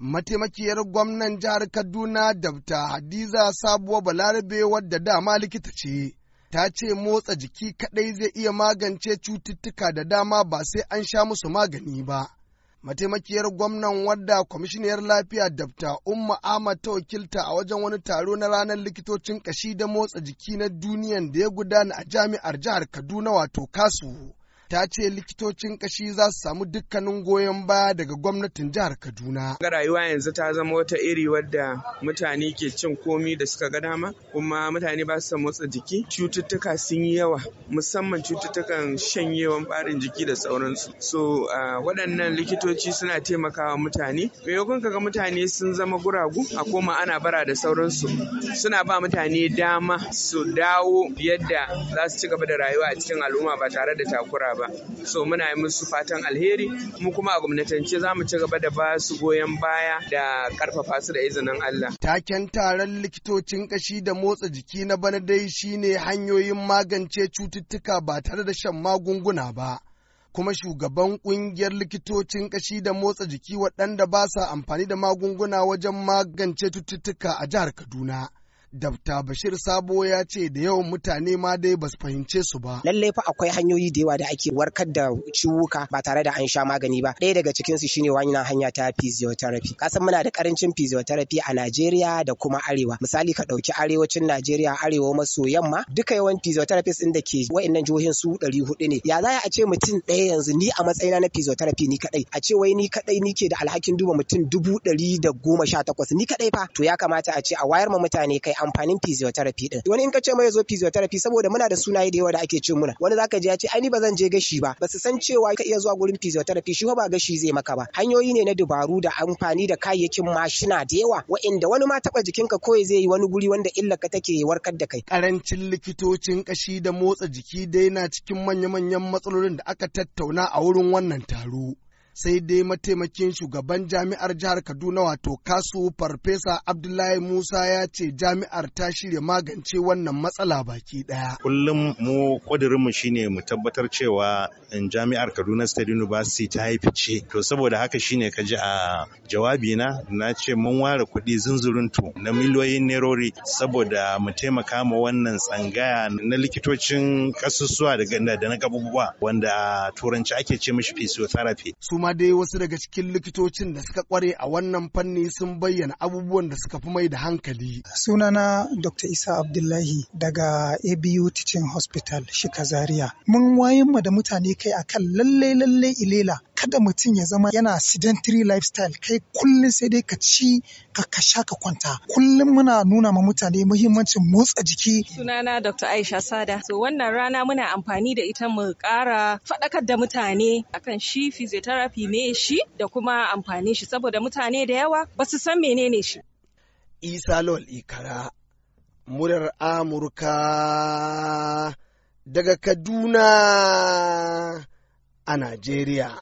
mataimakiyar gwamnan jihar Kaduna dabta Hadiza Sabuwa Balarabe wadda dama likita ce. Ta ce motsa jiki kaɗai zai iya magance cututtuka da dama ba sai an sha musu magani ba. Mataimakiyar gwamnan wadda kwamishiniyar lafiya dabta Umma Ahmad ta wakilta a wajen wani taro na ranar likitocin ƙashi da motsa jiki na duniyan da ya gudana a jami'ar jihar Kaduna wato kasu. ta ce likitocin kashi za su samu dukkanin goyon baya daga gwamnatin jihar Kaduna. Ga rayuwa yanzu ta zama wata iri wadda mutane ke cin komi da suka ga dama kuma mutane ba su motsa jiki cututtuka sun yi yawa musamman cututtukan shanyewan barin jiki da sauransu. So waɗannan likitoci suna taimakawa mutane maimakon ga mutane sun zama guragu a koma ana bara da sauransu suna ba mutane dama su dawo yadda za su ci gaba da rayuwa a cikin al'umma ba tare da takura ba. ba so muna yi musu fatan alheri mu kuma a gwamnatance za mu ci gaba da ba su goyon baya da karfafa su da izinin Allah taken taron likitocin kashi da motsa jiki na bana dai shine hanyoyin magance cututtuka ba tare da shan magunguna ba kuma shugaban kungiyar likitocin kashi da motsa jiki waɗanda ba sa amfani da magunguna wajen magance cututtuka a jihar Kaduna. Dabta Bashir Sabo ya ce da yawan mutane ma dai basu fahimce su ba. Lallai fa akwai hanyoyi da yawa da ake warkar da ciwuka ba tare da an sha magani ba. Ɗaya daga cikin su shine wannan hanya ta physiotherapy. Kasan muna da karancin physiotherapy a Najeriya da kuma Arewa. Misali ka ɗauki arewacin Najeriya, arewa maso yamma, duka yawan physiotherapist ɗin da ke wa'annan jihohin su ɗari hudu ne. Ya za a ce mutum ɗaya yanzu ni a matsayina na physiotherapy ni kaɗai. A ce wai ni kaɗai ni ke da alhakin duba mutum dubu ɗari da goma sha takwas ni kaɗai fa. To ya kamata a ce a wayar ma mutane kai amfanin physiotherapy din wani in ka ce mai zo physiotherapy saboda muna da sunaye da yawa da ake ce muna wani zaka je ya ce ai ni ba zan je gashi ba ba su san cewa ka iya zuwa gurin physiotherapy shi ba gashi zai maka ba hanyoyi ne na dubaru da amfani da kayayyakin mashina da yawa wa'inda wani ma taba jikinka kawai zai yi wani guri wanda illa ka take warkar da kai karancin likitocin kashi da motsa jiki dai na cikin manya-manyan matsalolin da aka tattauna a wurin wannan taro sai dai mataimakin shugaban jami'ar jihar Kaduna wato kasu farfesa Abdullahi Musa ya ce jami'ar ta shirya magance wannan matsala baki daya. Kullum mu mu shine mu tabbatar cewa eh, jami'ar Kaduna State University ta yi fice. To saboda haka shine ka ji a jawabi na na ce mun ware kuɗi zunzuruntu na miliyoyin nerori saboda mu taimaka ma wannan tsangaya na likitocin kasusuwa da na gabubuwa wanda turanci ake ce mishi physiotherapy. Su dai wasu daga cikin likitocin da suka kware a wannan fanni sun bayyana abubuwan da suka fi mai da hankali. Sunana Dr. Isa Abdullahi daga ABU Teaching Hospital Shika Zaria. Mun wayan da mutane kai akan lalle lalle ilela kada mutum ya zama yana sedentary lifestyle kai kullum sai dai ka ci ka kasha ka kwanta kullum muna nuna ma mutane muhimmancin motsa jiki sunana dr aisha sada so wannan rana muna amfani da ita mu kara faɗakar da mutane akan shi physiotherapy ne shi da kuma amfani shi saboda mutane da yawa ba su san menene shi isa lol ikara murar amurka daga kaduna a Najeriya.